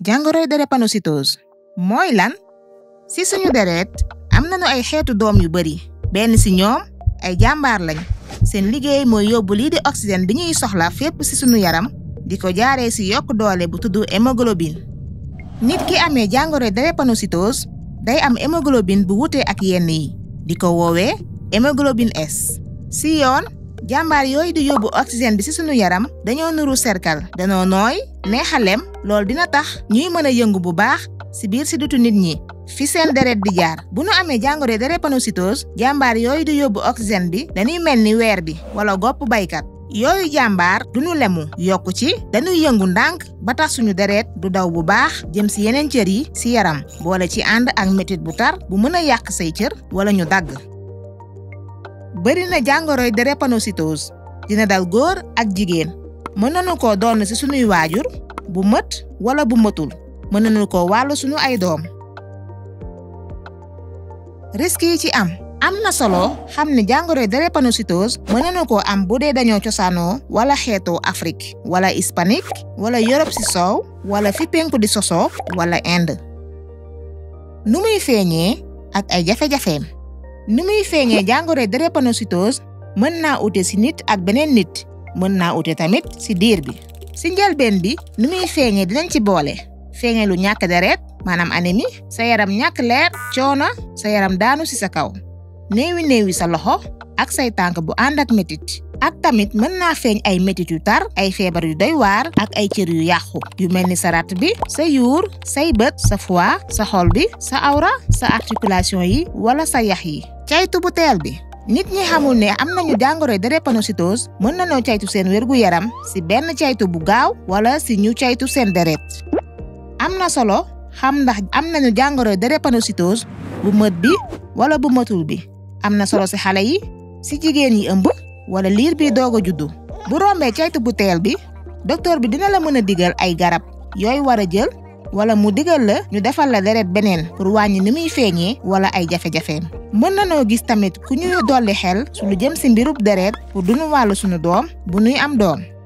jàngoroy drépanocytose mooy lan ci suñu deret am nañu ay xeetu doom yu bari benn ci ñoom ay jàmbaar lañ seen liggéey mooy yóbbu lii di oxygène bi ñuy soxla fépp si suñu yaram di ko jaaree si yokk doole bu tudd hémoglobine nit ki amee jàngoroy drépanocytose day am hémoglobine bu wutee ak yenn yi di ko woowee hémoglobine S si yoon jàmbaar yooyu di yóbbu oxygène bi ci sunu yaram dañoo nuru cercle dañoo nooy neexalem loolu dina tax ñuy mën a yëngu bu baax ci biir ci dutu nit ñi fi seen deret di jaar bu nu amee jàngoro drépanocytose jàmbaar yooyu di yóbbu oxygène bi dañuy mel ni weer bi wala gopp baykat yooyu jàmbaar duñu lemu yokku ci dañuy yëngu ndànk ba tax suñu deret du daw bu baax jëm ci yeneen cër yi ci yaram boole ci ànd ak metit bu tar bu mën a yàq say cër wala ñu dagg bari na jàngoroy drépanocytose dina dal góor ak jigéen mën na nañu ko doon ci sunuy waajur bu mët walla bu mëtul mën nañu ko wàllu sunu ay doom. risques yi ci am am na solo xam ne jàngoroy drépanocytose mën nañu koo am bu dee dañoo cosaanoo wala xeetoo Afrique wala hispanique wala Europe ci soow wala fi penku di sosoof wala Inde. nu muy feeñee ak ay jafe-jafeem. ni muy feeñee jàngoro drépanocytose mën naa ute si nit ak beneen nit mën naa ute tamit si diir bi si njëlbeen bi ni muy feeñee dinañ ci boole feeñee lu ñàkk deret maanaam anémie sa yaram ñàkk leer coono sa yaram daanu si sa kaw néewi néewi sa loxo ak say tànk bu ànd ak métit ak tamit mën naa feeñ ay métit yu tar ay feebar yu doy waar ak ay cër yu yàqu yu mel ni sa rat bi sa yuur say bët sa foie sa xol bi sa awra sa articulation yi wala sa yax yi caytu bu teel bi nit ñi xamul ne am nañu jàngoroy drépanocytose mën nañoo caytu seen wérgu yaram si benn caytu bu gaaw wala si ñu caytu seen deret am na solo xam ndax am nañu jàngoroy drépanocytose bu mët bi wala bu mëtul bi am na solo si xale yi si jigéen yi ëmb wala liir bi doog a juddu bu rombee caytu bu teel bi docteur bi dina la mën a digal ay garab yooyu war a jël wala mu digal la ñu defal la deret beneen pour wàññi ni muy feeñee wala ay jafe-jafeem mën nanoo gis tamit ku ñuy dolli xel su lu jëm si mbirub deret pour duñu wàllu suñu doom bu ñuy am doom